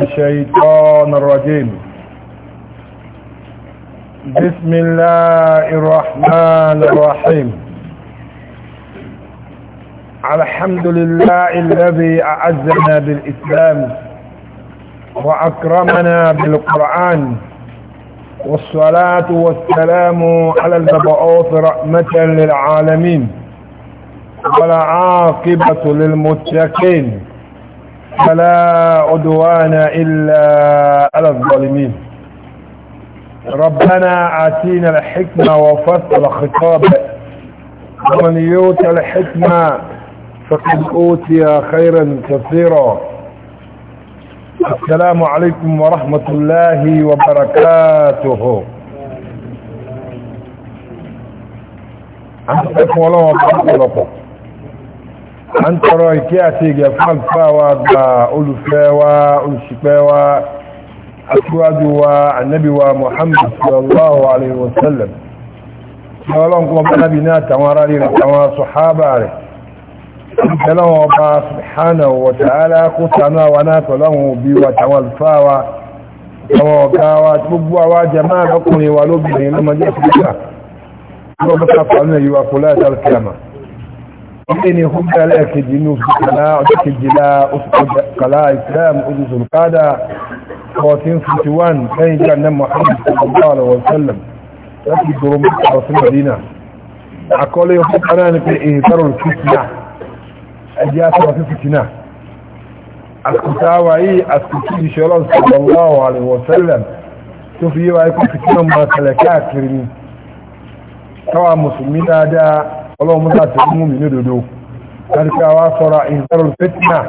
الشيطان الرجيم بسم الله الرحمن الرحيم الحمد لله الذي أعزنا بالإسلام وأكرمنا بالقرآن والصلاة والسلام على المبعوث رحمة للعالمين ولا عاقبة للمتقين فلا عدوان إلا على الظالمين ربنا آتينا الحكمة وفصل خطاب ومن يوت الحكمة فقد أوتي خيرا كثيرا السلام عليكم ورحمة الله وبركاته عندكم ولا وبركاته a ń tọrọ ìkẹ́ àti ìgẹ̀ fún àlùfáà wa gba olùfẹ́ wa olùṣìpẹ̀ wa aṣíwájú wa annabi wa muhammad sallallahu alaihi wasallam tí ọlọ́run kọ́ bá nábi náà tàwọn ará rí àwọn sọ̀hábà rẹ̀ tẹ́lọ́wọ́n ọba subhanahu wa ta'ala kó sànú àwọn náà ilé ni húnjẹ́ alẹ́kejì ní oṣù kọlá ọjọ́ kejìlá oṣù kọlá islam oṣù zulkada 1451 lẹ́yìn jẹ́ anẹ́ muhammad sallallahu alaihi wasallam láti dúró mọ́ta ọ̀sán madina àkọlé ọkọ̀ kanáà ní pé ìhìtarùn fìtìnà tó fi yíwa ikú fìtìnà máa kẹlẹ̀ káàkiri ni táwa mùsùlùmí dáadáa اللهم لا تقوم من يدو كاركا واصرا انذر الفتنة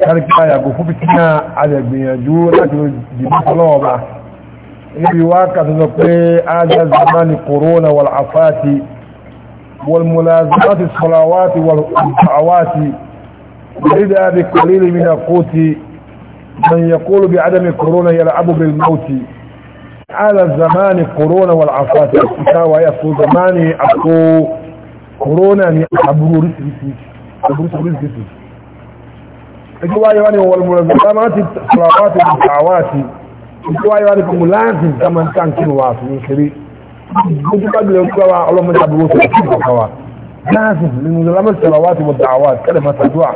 كاركا يقف فتنة على ابن يجور اكل جبه لوبا ابي واقع تذكري آجا زمان قرون والعفات والملازمات الصلاوات والدعوات ولذا بقليل من القوت من يقول بعدم قرون يلعب بالموت على زمان قرون والعفات اتكا ويصو زماني اتكو corona ni aburú oríṣiríṣi aburú oríṣiríṣi ẹjọ́ wáyé wá ní wọ́n mú lọ́sọ̀ tá máa ti sọ̀rọ̀ àwọn àti àwọn àti ẹjọ́ wáyé wá ní kọmù láti tá máa ń ká ń kírun wá àti ní kiri ojú bá gbìlẹ̀ ojú wa ọlọ́mọdé aburú oṣù àti ìgbàkà wa láti nínú lámọ́ sọ̀rọ̀ àwọn àti wọ́n dàwà kẹ́lẹ̀ masadua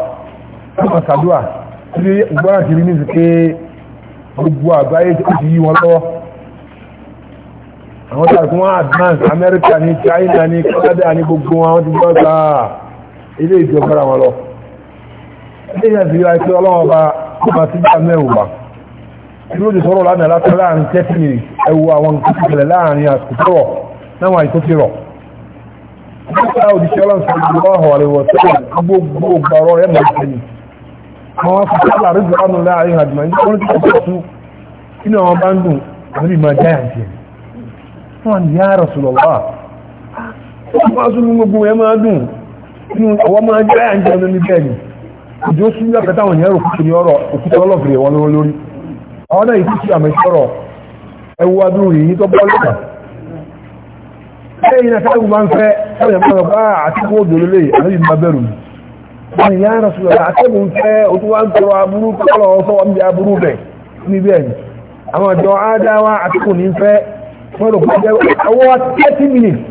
masadua tí gbọ́nà ti rí ní ìsìké gbogbo àgbáyé ti yí wọn lọ́wọ́ àwọn tàbí wọ́n advance America ní China ní Canada ní gbogbo wọn ti gbọ́ ta ilé ìjọba wọn lọ ilé ìjọba ìwà ìpé ọlọ́wọ́n bá ọba sí ìjà mẹ́wàá tí ó lè sọ̀rọ̀ lánàá láti láàrin tẹ́tìmì ẹwu àwọn kìtìkìlẹ̀ láàrin àsìkò náwọn àìtó ti rọ̀ nípa òdíṣẹ́ ọlọ́run sọ̀rọ̀ gbogbo ọ̀rọ̀ wọ́n ya Rasulullah wọ́n sún gbogbo ẹ máa dùn inú ọwọ́ máa jẹ́ àjẹ́ ọmọ ní bẹ́ẹ̀ ìjọ sún ní fẹ́ ń fọ́nà kó jẹ́ ọwọ́ wa thirty minutes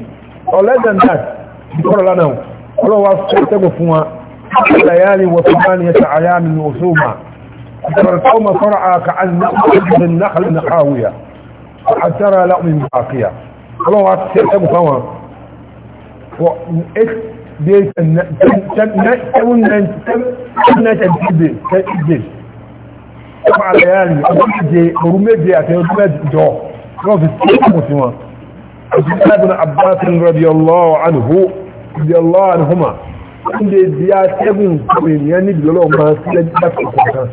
or less than that ìkọ́rọ̀ lánàá ọlọ́wọ́ sẹ́gun fún wa layali wa tsamani ya ta'aya min usuma tsarar kauma fara'a ka an na'udin nahal na kawiya a tara la'umin bakiya ọlọ́wọ́ sẹ́gun fún wa for eight days and seven days ten days saba layali ọdún méje orun méje àti ọdún méje jọ wọ́n fi sí ọkọ̀ sí wọn abdullahi abbas radiyallahu anhu radiyallahu anhuma wọ́n lè di atẹ́gùn kọ̀wé ènìyàn ní ìdílọ́lọ́ máa sílẹ̀ nígbà tó kọ̀ kan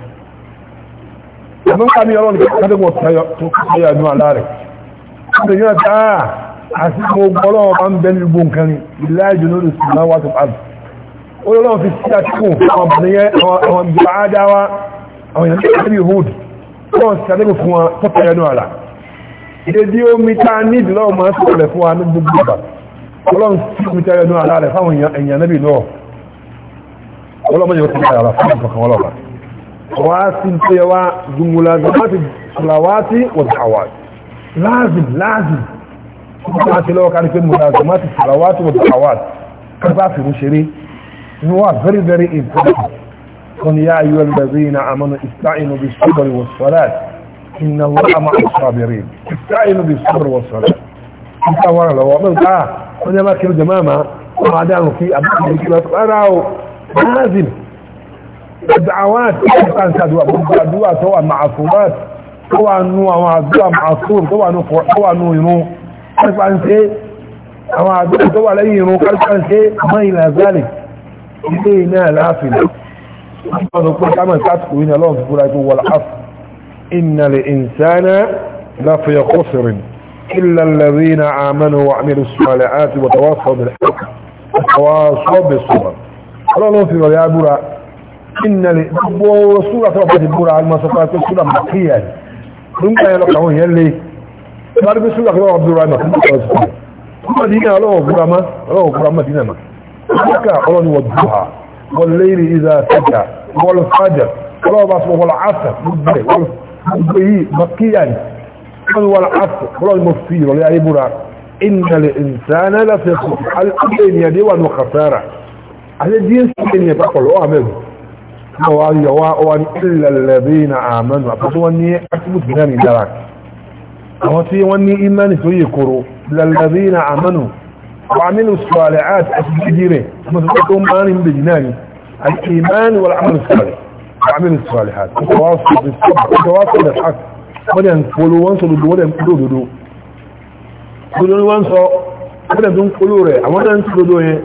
àmọ́ ká ní ọlọ́run kí kádé wọn tó káyà ní aláàrẹ̀ kádé yóò ta àti mo gbọ́lọ́ ọba ń bẹ́ ní gbogbo nǹkan sí atẹ́gùn àwọn obìnrin àwọn ìjọba ìdí omi tá a nídìí lọ́wọ́ máa sọ̀rọ̀ fún wa ní gbogbo ìgbà ọlọ́run tí omi tẹ́lẹ̀ ní ara rẹ̀ fáwọn èèyàn níbi náà ọlọ́run yóò tẹ́lẹ̀ ara fún ìfọ̀kan ọlọ́run wá sí pé wá jùmùlà zàmátì fúláwátì wọ̀dàwà láàzìm láàzìm wọ́n ti lọ́wọ́ kárí pé mùlà zàmátì fúláwátì wọ̀dàwà kápá fìrú ṣeré ni wà very very important kan yá ayọ́ lẹ́zìn àmọ́nà ìsáìnù bí ṣùgbọ́n wọ̀sọ̀láàtì إن الله مع الصابرين استعين بالصبر والصلاة انت ورا لو عملت اه وانا ما كنت جماما وما داموا في ابنهم كما اراو لازم الدعوات كان سادوا دعوة سواء معصومات سواء نوع وعزوا معصوم سواء نوع سواء نوع ينو عارف عن شيء اما دعوة سواء لأي ينو عارف عن شيء ما إلى ذلك ايه إلينا لافلة أما نقول كما تاتكو هنا لهم تقول والعصر إن الإنسان لفي قصر إلا الذين آمنوا وعملوا الصالحات وتواصوا بالحق وتواصوا بالصبر قال الله في رياء برا إن الرسول توفت برا على المسافات السورة مقيا رمنا يلقون يلي قال بسول أخوة عبد الرحمن ثم دينا الله برما الله برما دينا ما لك قلن والضحى والليل إذا سجى والفجر الله والعصر والفجر بي قل والعصر قل المفسير ولا يبرا إن الإنسان لفي خسر الأبين يدي وخسارة هذا الدين سبين يتقل أعمل وعلي يواء إلا الذين آمنوا فسواني أثبت بناني دراك وسواني إيمان سيكروا إلا الذين آمنوا وعملوا الصالعات أثبت جيره مثل أنهم بجناني الإيمان والعمل الصالح وعمل الصالحات وتواصل بالصبر وتواصل بالحق ولا ينقلوا وانصروا ولا ينقلوا دودو كلون وانصروا ولا ينقلوا ري ولا ينقلوا دودو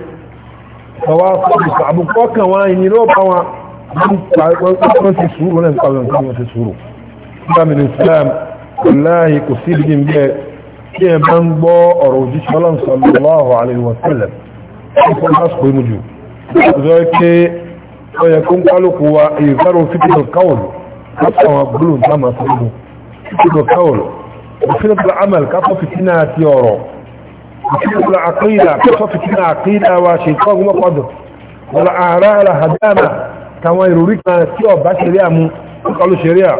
تواصل بالصعب وكان وين يروح هو وانصروا سورو من ينقلوا وانصروا سورو كلام الإسلام والله كسيب جنبه كي بنبو أروجي صلى الله عليه وسلم يقول أصحي مجيب ذلك ọ̀yẹ̀ kó ń kálùkù wa ìfẹ́rù fíkìtò káwọ̀l káfàwọn gbólóhùn tá máa sọ́dún fíkìtò káwọ̀l fíkìtò amal káfọ́ fìtínà àti ọ̀rọ̀ fíkìtò àkídà káfọ́ fìtínà àkídà wa ṣe kọ́ ọgbọ́n pọ̀dọ̀ wọ́n ààrá ara hadana táwọn ìròrí kan tí ọba ṣẹríà mú kọlu ṣẹríà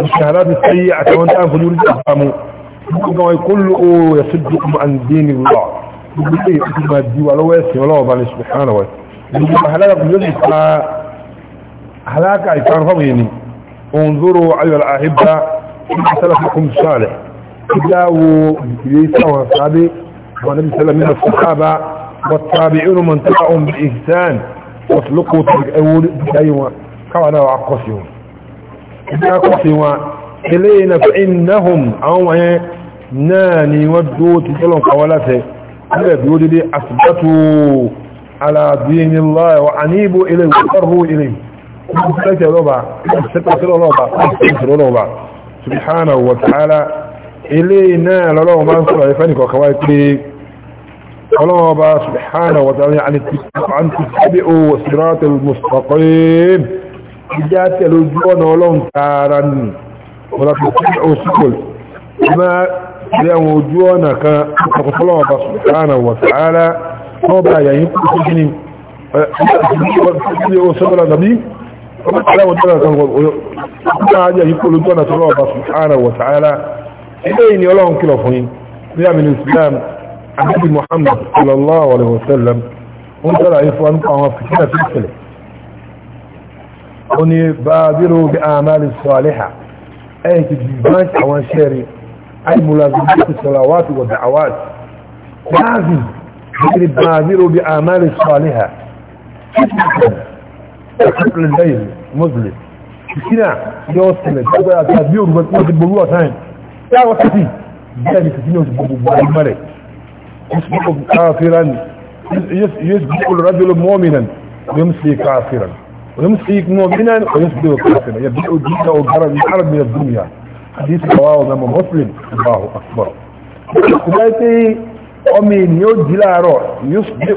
òṣèlú ti sẹ́yí àtàwọn tá à ń fojú rí ìjọba mú gbogbo àwọn ìkólú o يجب حلاك يجب حلاك عشان فضيني يعني. انظروا ايها الاحبة كيف سلفكم الصالح كلاو ليسوا الصحابي والنبي صلى من الصحابة والتابعون من تبعهم بإهسان واسلقوا تلك كما نوع وعقصيون إذا قصيوا إلينا فإنهم أو ناني ودوا تجلون قولته هذا بيقول لي أثبتوا على دين الله وأنيبوا إليه وقربوا إليه سبحانه وتعالى إلينا لله ما نصر عفانك وكواتك الله سبحانه وتعالى عن يعني أن تتبعوا صراط المستقيم جاءت الوجوان ولون تارا ولا تتبعوا سكل ما لهم وجوانا سبحانه وتعالى ọba àyàyí kúrò kí ni ọ̀sọ́bọ̀lá nàbí Ànábì Muhammad sallallahu alaihi wasallam ń tọ́lá ìfọ́ nípa àwọn fìtínà tí ìṣẹ̀lẹ̀. Ó ní badiru bí àmàlì sọ́lẹ́hà, ẹ̀yìn ti bíbáǹkì àwọn ṣẹ́rin, àìmúlà bí i sọ́lá wáti wà dáwàtì. Láàrín يجري بناذيره بأعمال الصالحة حقل الليل مظلم كنا يوصل تدبير وتبقى بلوة ثاني لا وقتي بياني كتيني وتبقى الملك يسبق كافرا يسبق الرجل مؤمنا ويمسي كافرا ويمسي مؤمنا ويسبق كافرا يبدأ الدين والغرب الحرب من الدنيا حديث رواه امام مسلم الله اكبر ọmọ ènìyàn jí láàárọ̀ yóò sì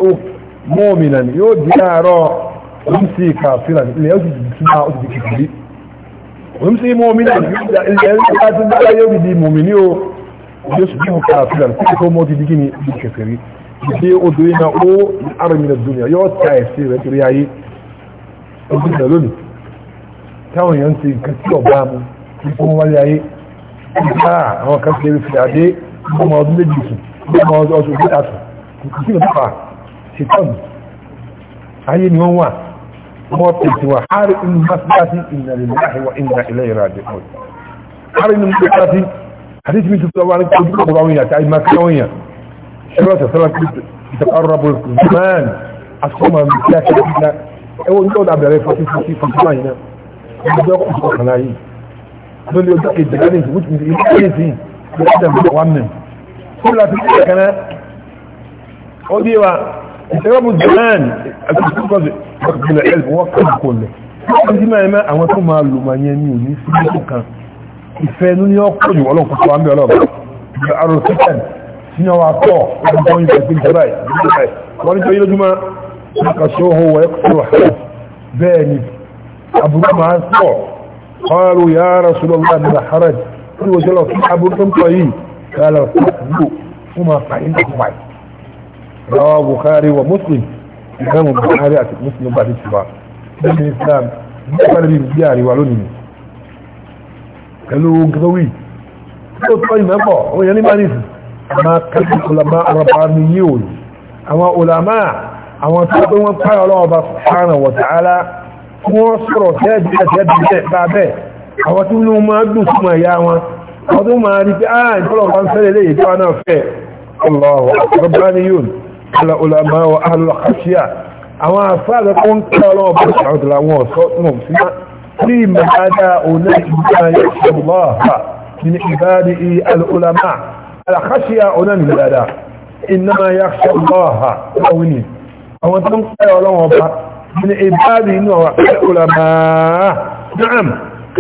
mọ́ òmìnà yóò jí láàárọ̀ oníṣẹ́ ìkàfíà ilẹ̀ yóò sì jí máa ó ti di kìkìrí oníṣẹ́ mọ́ òmìnà ilẹ̀ yóò ti dára yóò di mòmìnì o yóò sì jí ìkàfíà kí kò mọ́ ti di kíni di kẹfẹ́rí ìdí odò iná ó arìnrìn àdúnyà yóò ta ẹ̀sìn rẹ̀ torí ayé ojú ìgbà lónìí táwọn èèyàn ti nǹkan tí ọ̀gá ìgbà àwọn kan ti ọmọ ọdún méjì sùn ọmọ ọjọ́ ọjọ́ ìgbé àtù kò sí ìfà ṣetọ́nù ayé ni wọ́n wà wọ́n pèsè wà hárí inú mọ́síláṣí ìnàlélàáhì wa ìnà ilẹ̀ ìrìnàjò ọ̀rọ̀ hárí inú mọ́síláṣí àti tí mi tuntun wà ní kojú kọ̀ bá wọn yà táyé máa káwọn yà ẹgbẹ́ ọ̀sẹ̀ sọ́lá kí ìtàkọ́rọ̀ bọ̀ man asọ́mà mi kí a ṣe kí ná ẹwọ́n ní ọ̀dà bẹ̀rẹ̀ fọ́tí fọ́tí fọ́tí wà kó láti kí ẹ̀kan náà ó dé wa ìṣẹ́gbọ́n jẹ́rán àti ìṣẹ́gbọ́n wọ́n kàn kò lẹ̀ wọ́n jí máa mẹ́ àwọn tó máa lò máa yẹn ní òní sí ìṣẹ́ kan ìfẹ́ ní ní ọkọ̀ jù ọlọ́pọ̀ tó wọ́n bẹ̀ ọlọ́pọ̀ àrò síkẹ̀n sí ọwọ́ akọ́ ọdún tó ń jẹ́ pé قال فأتبوا هما فإنكم معي رواه بخاري ومسلم إمام البخاري مسلم بعد الشباب من الإسلام نقل بالديار وعلني قالوا كذوي قلت طيب أبا هو يعني ما نسي ما قلت العلماء ربانيون أما علماء أما تقول من قال الله سبحانه وتعالى وصروا تاجئة تاجئة بعده أما تقولوا ما أدنوا ثم يا ọdún máa rí pé ààrín tọ́lọ̀kan fẹ́rẹ̀ lè tó náà fẹ́ ọlọ́wọ́ rọ̀bániyún alàulàmà wa alàkàṣíà àwọn afẹ́lẹ̀ kó ń kẹ́ ọlọ́wọ́ bá ṣàrùtàlà wọn ọ̀sọ́ mọ̀ sí ìmọ̀dáda òní ìgbàyẹ̀ ṣàbùlọ́wà ní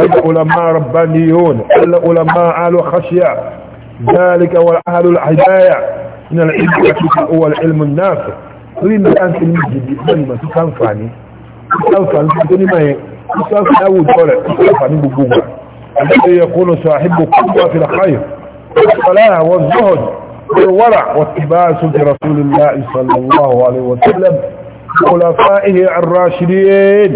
العلماء ربانيون العلماء اهل خشية ذلك اهل الهداية من العلم هو العلم النافع تريد كان في المسجد لما كان فاني تقولي ما هي تنفعني اول طالع تنفعني بجوجة الذي يكون صاحب قوة في الخير والصلاة والزهد والورع واتباع سنة رسول الله صلى الله عليه وسلم خلفائه الراشدين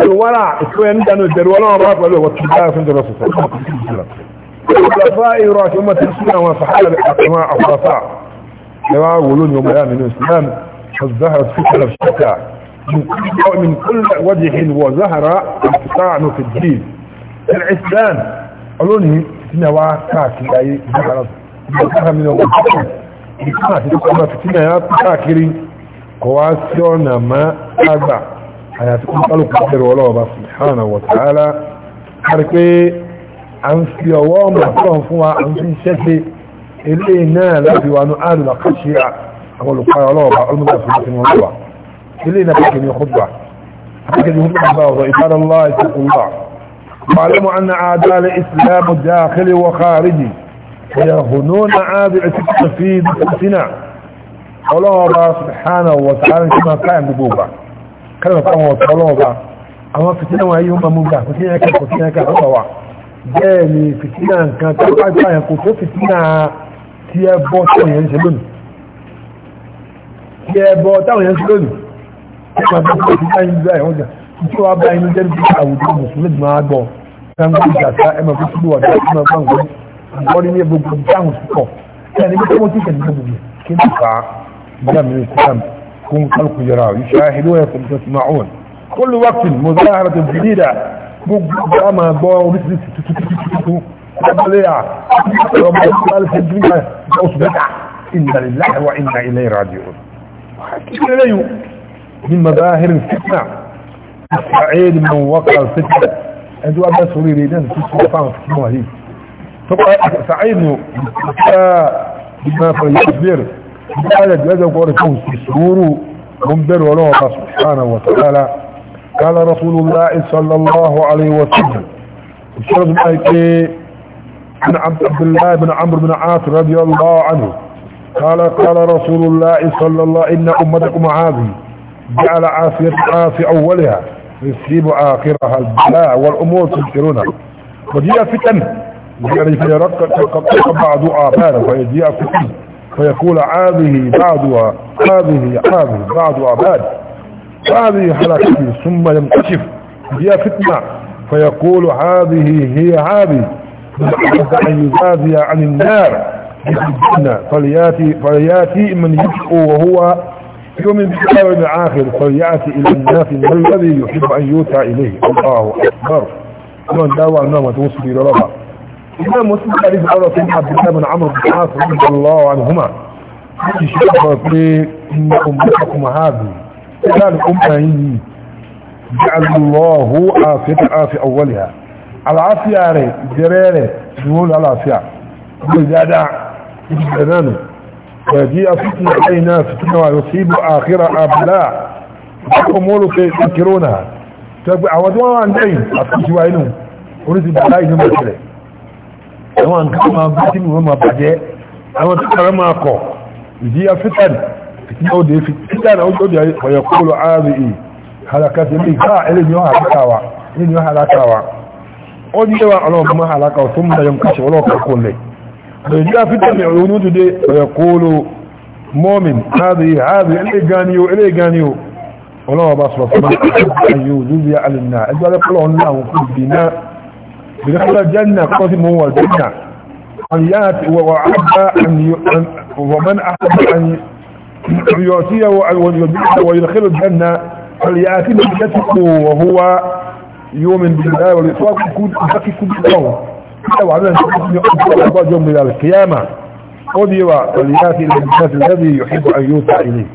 الورع كوين دانو در ولا راك ولا وتبقى في الرسول صلى الله عليه وسلم الخلفاء يراك أمة الإسلام والصحابة الحكماء الخلفاء لما يقولون يوم الآن من الإسلام ظهرت فتنة الشتى من كل وجه وظهر الطعن في الدين العسلان قالوني فتنة وكاكي أي ظهرت ظهر من يوم الفتنة فتنة فتنة يا كاكري قواسيونا ما أجبع حياتكم قلق بحر ولا وبا سبحانه وتعالى حركي عنسي وواما فوا عنسي شكي اللي نالا ديوانو آل لقشي أقول لقاء الله وبا علم الله سبحانه وتعالى اللي نبك من يخبع حركي يهد الله وإبان الله يسيق الله معلموا أن عادال إسلام داخلي وخارجي هي هنون عادع تكتفيد في السنة الله سبحانه وتعالى كما قائم ببوبا kálọ̀ fáwọn ọ̀tọ̀ ọlọ́ọ̀bá àwọn fìtínà wọn yíò máa mú gbà fìtínà ẹ̀kẹ́ kò fìtínà ẹ̀kẹ́ àtọ́kọ̀ wà bẹ́ẹ̀ ni fìtínà nǹkan tó bá gbà yẹn kò tó fìtínà tí ẹ bọ́ táwọn yẹn ń ṣe lónìí tí ẹ bọ́ táwọn yẹn ń ṣe lónìí tí wọ́n bá tó fìtínà yín gbà yẹn tí wọ́n bá inú jẹ́ nípa àwùjọ mùsùlùmí máa gbọ́ sango ìjàta ẹ كن خلق جراوي يشاهدون تسمعون كل وقت مظاهرة جديدة بقى ما بقى إن لله وإنا إليه راجعون وحكينا ليه من مظاهر الفتنة السعيد من وقع الفتنة أنتوا أبا سوري ليدان في السلطان في المهدي طبعا سعيد بما فليصبر قال جاد قول كون سورو هم الله سبحانه وتعالى قال رسول الله صلى الله عليه وسلم الشرط مايكي عن عبد الله بن عمرو بن عاص رضي الله عنه قال قال رسول الله صلى الله عليه وسلم ان امتكم هذه جعل عافية في اولها يصيب اخرها البلاء والامور تنكرونها وجيء فتن يعني فتن بعض فتن وجيء فتن فيقول هذه بعضها هذه هذه بعض بعد هذه حركتي ثم ينكشف هي فتنة فيقول هذه هي هذه أن يزازي عن النار الجنة فلياتي, فلياتي من يشكو وهو يؤمن بالله الآخر فلياتي إلى الناس ما الذي يحب أن يؤتى إليه الله أكبر من دعوة أنه توصل إلى ربع إمام مسلم حديث أولا سيدنا عبد الله بن عمرو بن عاص رضي الله عنهما يجي شيخ بقول إن أمتكم هذه كان أمهي جعل الله عافية في أولها العافية ري جريري نقول العافية وزادة جنانه وجيء فتنة ناس فتنة ويصيب آخرة أبلاء أمور ينكرونها تبقى عودوا عن دين أصبحوا عينهم ونزل بلاي نمت إليه àwọn nǹkan máa bá sínú wọn máa bàjẹ́ àwọn tó kàrọ máa kọ̀ ìdí afitan ìtìyàwóde fitan àwọn jọ́dẹ̀ ọ̀yọ̀kọ́lọ̀ ààrẹ halakati ní ìgbà ẹlẹ́ni ó halakawa ó ní ẹwà ọlọ́ọ̀gbọ́n halaka tó mú dayan kàṣẹ ọlọ́ọ̀kọ́kọ́lẹ̀ ìdí afitan ní ọ̀yọ̀kọ́lọ̀ mọ́min ààrẹ بدخل الجنة قسم هو الجنة أن يأتي وعبى أن ي... ومن أحب أن يؤتيه ويدخل الجنة فليأتي من بجسده وهو يؤمن بالله والإسواق يكون يزكي كل يوم لو عمله يؤمن يوم إلى القيامة ودي فليأتي إلى الجنة الذي يحب أن يوسع إليه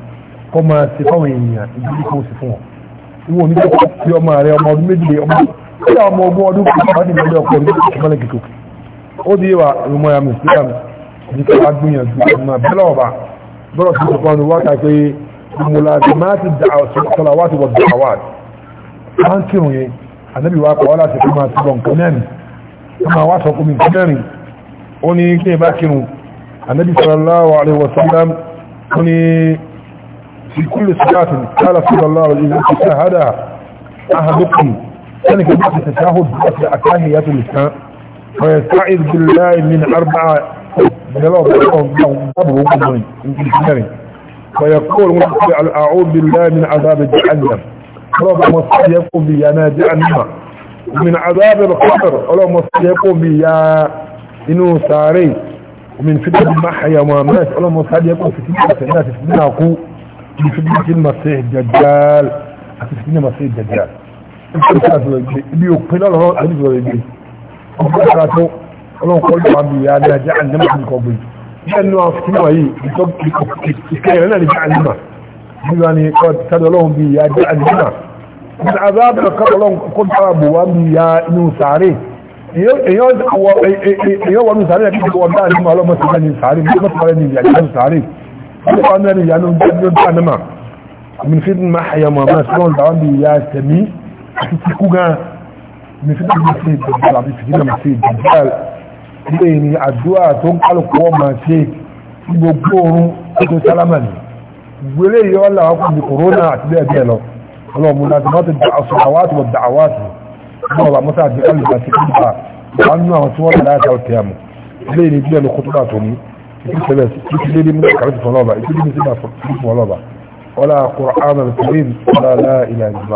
كما صفوه يعني يجب أن يكون صفوه هو يوم ما يوم ما يوم kí ọmọ ogun ọdún kò bá ní ìlú ọkọ̀ orí ìpínlẹ̀ kìtò ó di wà ìmọ̀ ya mùsùlùm ní kí wọ́n gbìyànjú ìmọ̀ bẹ́lẹ̀ ọba bọ́rọ̀ sí ìpọ̀ ní wákà pé ìmúlàdì máa ti dà ọ̀sọ̀lá wá ti wọ̀dà wà á ń kírun yẹn ànábì wa kọ̀ láti fi máa ti bọ̀ nǹkan mẹ́rin ó máa wá sọ fún mi nǹkan mẹ́rin ó ní kí ẹ bá kírun ànábì sallallahu alaihi wasallam ó ní fi kulli salatin qala sallallahu alaihi wasallam كان في بعض التشهد أكاهية الإسلام ويستعيذ بالله من أربعة ويقول الأعوذ بالله من عذاب جهنم رب صل يقوم بي أنا النمى ومن عذاب الخطر رب صل بي يا إنه ساري ومن فتنة المحيا ومامات رب صل في فتنة الناس فتنة من فتنة المسيح الدجال فتنة المسيح الدجال ìpínlẹ̀ àti ọ̀gbẹ́ ibi òpin náà lọ́wọ́ àdìsọ̀ rẹ̀ gbé ọgbẹ́ ara tó ọlọ́run kọ́ ìjọba mi ìyá ní ajá àndẹ́mà ní kọ́ gbé ní ẹnu àfihàn yìí ìtọ́ ìkẹyẹ náà ní bí àndẹ́mà nígbà ní kọ́ tàbí ọlọ́run bí ìyá ajá àndẹ́mà ní azábẹ̀ kọ́ ọlọ́run kọ́ ìjọba bò wá bí ìyá inú sàárè èyàn wọnú sàárè àti ìwọ̀n dáa nínú ọlọ́mọ sí ní sàárè bí wọ́n tọ́rẹ́ ní ìyá inú sàárè wọ́n tọ́rẹ́ àti kíkú gan mẹsìlẹ̀ mi ṣe ìdọ̀gbọ̀n àti fìdílà mi ṣe ìdọ̀gbọ̀n ilé ni àdúrà tó ń kálukú wọn máa ṣe ní gbogbo oorun tó tó sálámà ni gbélé yìí wọn làwọn kò ní kòrónà àti bẹ́ẹ̀ bẹ́ẹ̀ lọ ọlọ́run láti wọ́n ti dàásù àwátì wọ́n dàáwátì wọ́n bá mọ́sá àti alìgbà sí kíkà wọ́n nú àwọn tí wọ́n tẹ̀lé àti ọ̀tẹ̀ àmọ́ ilé ni bílẹ̀ ní